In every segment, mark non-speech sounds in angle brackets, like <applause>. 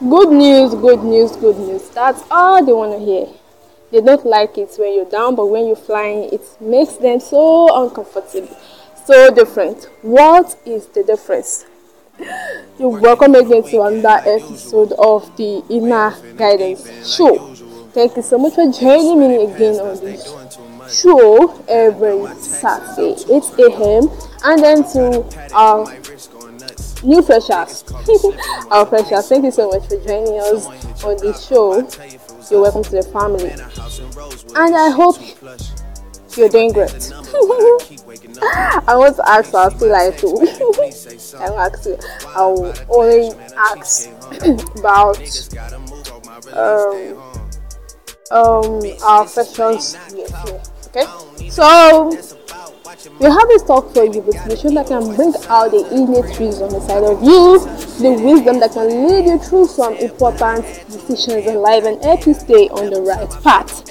Good news, good news, good news. That's all they want to hear. They don't like it when you're down, but when you're flying, it makes them so uncomfortable, so different. What is the difference? You're welcome again to another episode of the Inner Guidance Show. Thank you so much for joining me again on this show every Saturday, 8 a.m. and then to our new freshers, our <laughs> freshers. Thank you so much for joining us on the show. You're welcome to the family, and I hope you're doing great. <laughs> I want to ask our still like too. <laughs> I will ask you. I will only ask <coughs> about um um our freshers. Okay, so we have a talk for you the solution that can bring out the innate wisdom inside of you, the wisdom that can lead you through some important decisions in life and help you stay on the right path.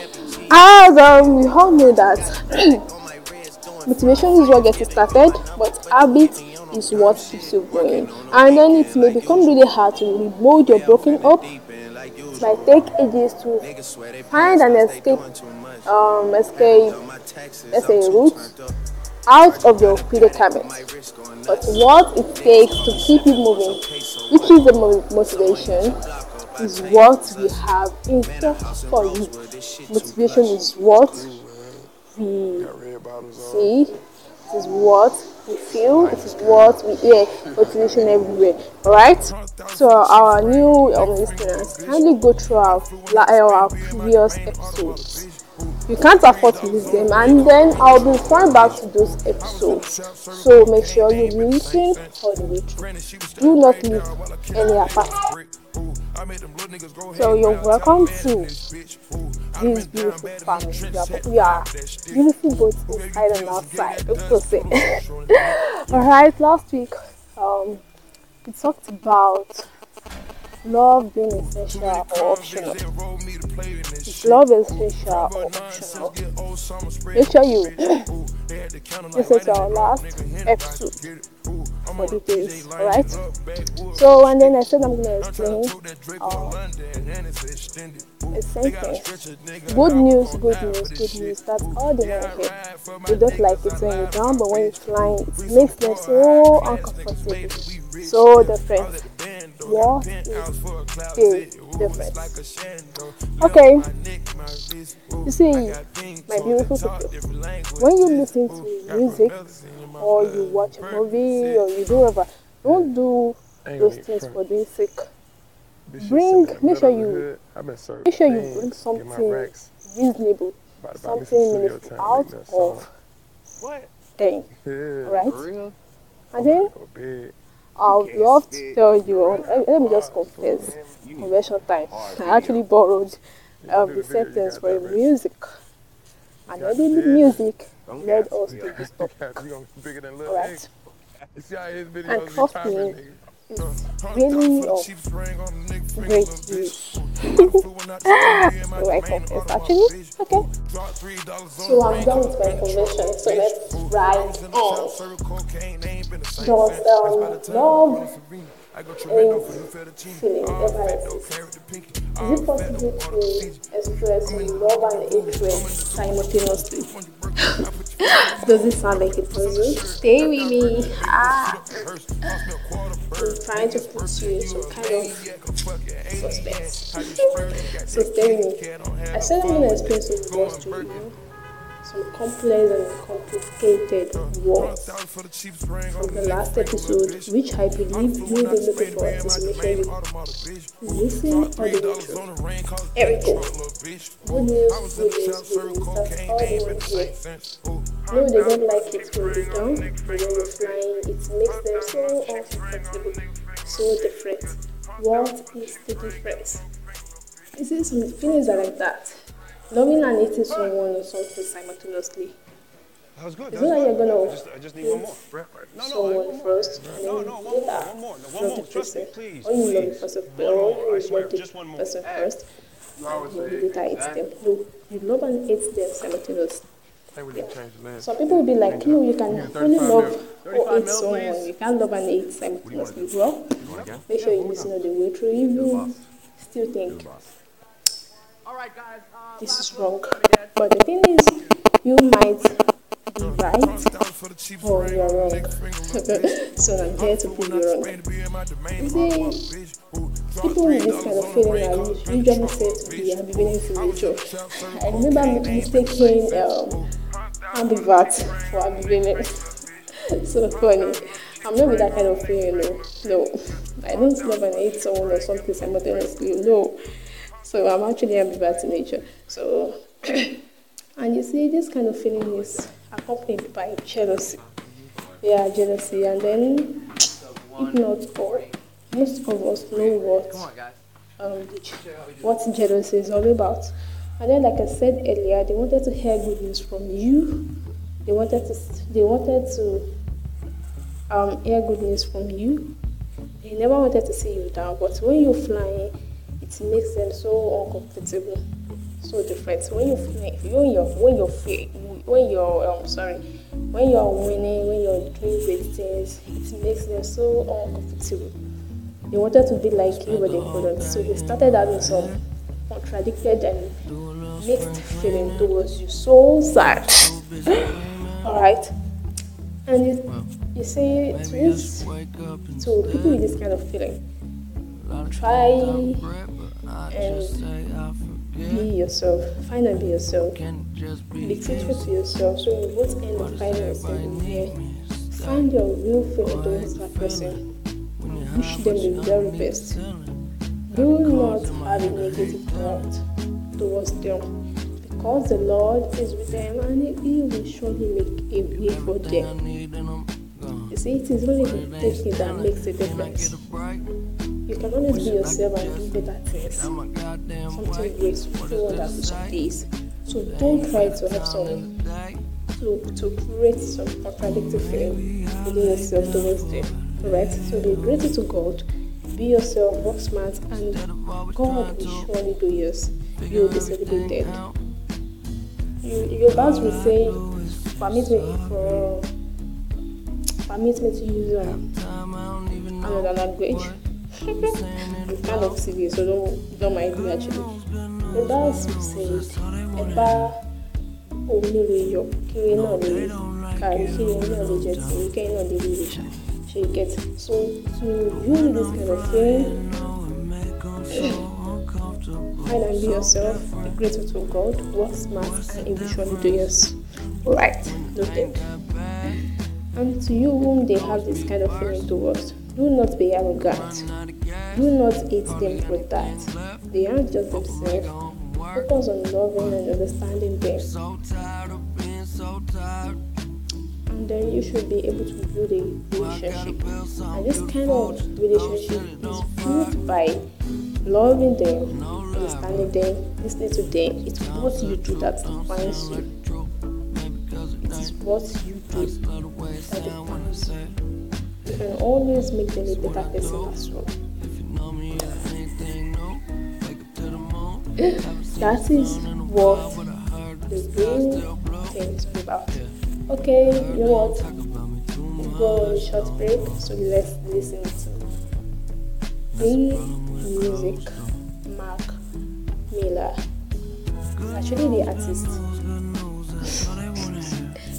As um, we all know that <clears throat> motivation is what gets you started, but habit is what keeps you going. And then it may become really hard to rebuild your broken up it might take ages to find an escape um escape let's say route out of your predicament, but what it takes to keep you moving, which is the motivation, is what we have in store for you. Motivation is what we see, it is what we feel, it is what we hear, motivation everywhere. Alright? So, our new um, listeners, kindly go through our, our previous episodes you can't afford to lose them and then i'll be referring back to those episodes so make sure you listen all the way do not miss any apart so you're welcome to this beautiful family we are beautiful both inside and outside of course <laughs> all right last week um, we talked about love being essential or optional. Love is essential or optional. Make sure you listen to our last episode for details, alright? So, and then I said I'm going to explain uh, a Good news, good news, good news. That's all they want to don't like it when you're down, but when you're flying, it makes them so uncomfortable, so different your different. Okay, you see, my beautiful people, when you listen to music or you watch a movie or you do whatever, don't do those things for being sake. Bring, make sure you, make sure you bring something reasonable, something out of thing, right? And then I would love to tell you. Um, let me just confess. Conversion time. Oh, I actually borrowed um, the sentence for music, and maybe the music led us to this <laughs> topic. All right. <laughs> And trust me, really Oh, great use. so I confess actually. Okay. So I'm done with my confession. So let's ride on. Oh. Does um, love is feeling everlasting? Is it possible to express love and hatred simultaneously? <laughs> Doesn't sound like it, for you? Stay with me. Ah. I'm trying to put you in some kind of suspense. <laughs> so tell me. I said I'm going to explain some words to you. Some complex and complicated words from the last episode, which I believe you've been looking for to. Make hear you. Listen all the way through. Everything. Good news, good news, good news. That's all want to hear. No, they don't like it when they down, when we're flying, it makes them so uncomfortable, so different. What is the difference? You see, some feelings are like that. Loving and hating someone or something simultaneously. That was good. It's not like you're gonna I just, I just need one more. No, no, someone first, and no, then no, one more, one more, no, one more. Trust me, please. Or you love the person, or you want the person first. You later hate them. No, you love and hate them simultaneously. They Some people will be like, no, you can only love or eat someone. You can't love and eat simultaneously. Well, make sure you listen to the way through. Even still think uh, this is wrong. But the thing is, you might right or you're wrong. so I'm here to prove you wrong. You see, people with this kind of feeling are usually said to be ambivalent in nature. I remember mistaking um, ambivert for ambivalent. so funny. I'm not with that kind of feeling, no. No. I don't love and hate someone or something simultaneously, no. So I'm actually ambivert in nature. So, <clears throat> and you see, this kind of feeling is accompanied by jealousy. Yeah, jealousy, and then if not for most of us know what um, what jealousy is all about. And then, like I said earlier, they wanted to hear good news from you. They wanted to they wanted to um, hear good news from you. They never wanted to see you down. But when you're flying, it makes them so uncomfortable, so different. When you fly, when you're when you're free, when you're um, sorry when you're winning when you're doing great things it makes them so uncomfortable they wanted to be like you but they couldn't so they started having some contradicted and mixed feeling towards you so sad <laughs> all right and you, you see to, use, to people with this kind of feeling try and be yourself. Find and be yourself. Be truthful to yourself. So what kind of end up yourself here. Find your real friend, against that person. Wish them the very best. Do not have a negative thought towards them. Because the Lord is with them and He will surely make a way for them. You see, it is really the taking that makes a difference. You can always be yourself and do better things something great forward as this. So don't try to um, have someone. So to create some contradictory feeling within yourself towards them. Alright? So be grateful to God, be yourself, work smart, and God will surely do yours. You will be celebrated. You, your boss will say, permit me for permit me to use um, another language. I love serious, so don't don't mind me actually. Ẹ̀bá ìsìnkú ẹ̀bá only lè yọ kiri náà lè kàrí kiri náà lè jẹ tìrí kẹ́yìn náà lè lè ṣá get so to use this kind of thing <sighs> find and be yourself be grateful to God work smart and eventually do yours. right noted and to you whom they have this kind of feeling towards do not be arrogant. Do not hate them for that. They aren't just themselves. Focus on loving and understanding them. And then you should be able to build a relationship. And this kind of relationship is built by loving them, understanding them, listening to them. It's what you do that defines you. It is what you do can always make them a better person as well. that is what the real things about. Okay, you know what? We'll go a short break, so let's listen to the music Mark Miller. Actually, the artist.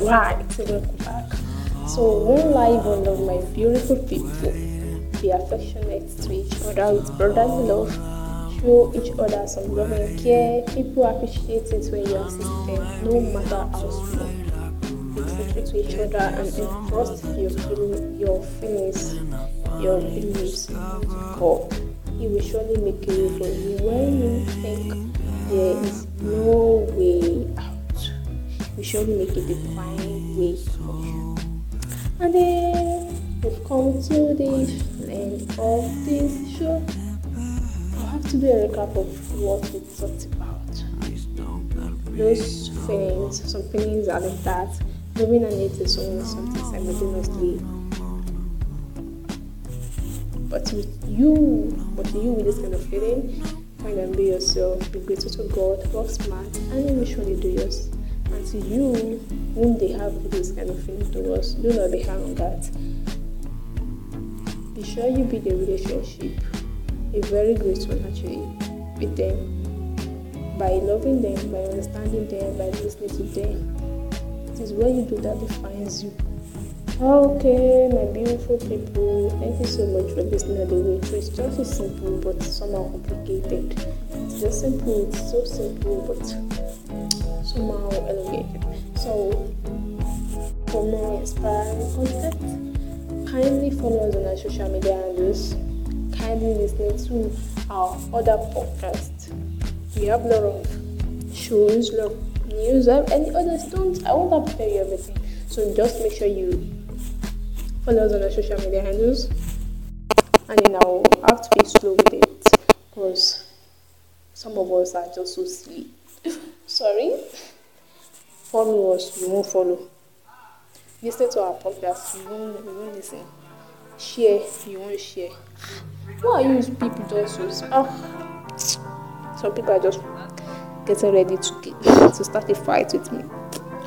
Right, welcome back. So, one live under my beautiful people be affectionate to each other with brotherly love. Show each other some love and care. People appreciate it when you assist them, no matter how small. Be to each other and trust. your, feeling, your feelings, your beliefs to God. He will surely make a way for you when you think there is no way out. He surely make a divine way for you. And then we've come to the end of this show. i have to do a recap of what we talked about. Those feelings, some feelings are like that. Loving and hating someone something simultaneously but with you, but you with this kind of feeling, find and be yourself, be grateful to God, walk smart, and make sure you do yours. And to you, whom they have this kind of feeling towards, do not be hung on that. Be sure you build a relationship, a very great one actually, with them by loving them, by understanding them, by listening to them. It is when you do that defines you. Oh, okay, my beautiful people, thank you so much for listening to the way. It's just so simple but somehow complicated. It's just simple, it's so simple but somehow elevated. So, for more inspiring content, kindly follow us on our social media handles. Kindly listen to our other podcasts. We have a lot of shows, lot of news, and other stones. I won't prepare you everything. So just make sure you Follow us on our social media handles. And then I'll have to be slow with it because some of us are just so silly. <laughs> Sorry. Follow us, you won't follow. Listen to our podcast, you won't, you won't listen. Share, you won't share. Why are you people just so oh. Some people are just getting ready to, get, <laughs> to start a fight with me.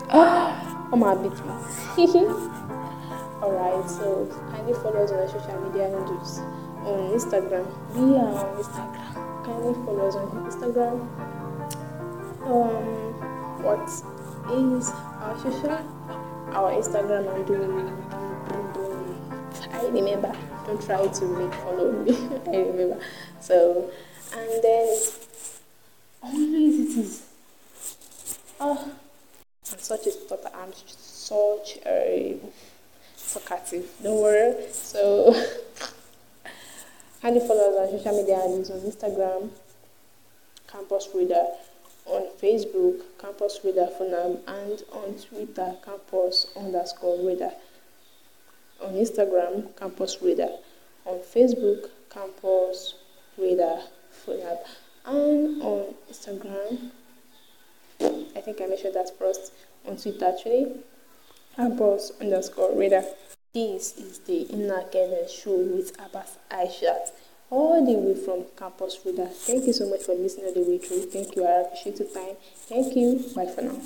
Oh, I'm a bit. <laughs> right? So kindly follow us on our social media handles um, on Instagram. We are on Instagram. Kindly follow us on Instagram. Um, what is our social? Our Instagram handle. I remember. Don't try to make follow me. <laughs> I remember. So, and then always it is. Oh, I'm such a stopper. I'm such a talkative. Don't worry. So, <laughs> kindly follow us on social media Use on Instagram, Campus Reader, on Facebook, Campus Reader Funam, and on Twitter, Campus underscore Reader. On Instagram, Campus Reader. On Facebook, Campus Reader Funam. And on Instagram, I think I mentioned that first on Twitter actually. Campus underscore reader. This is the Inner Canon Show with Abbas Aishat, all the way from Campus Reader. Thank you so much for listening all the way through. Thank you. I appreciate your time. Thank you. Bye for now.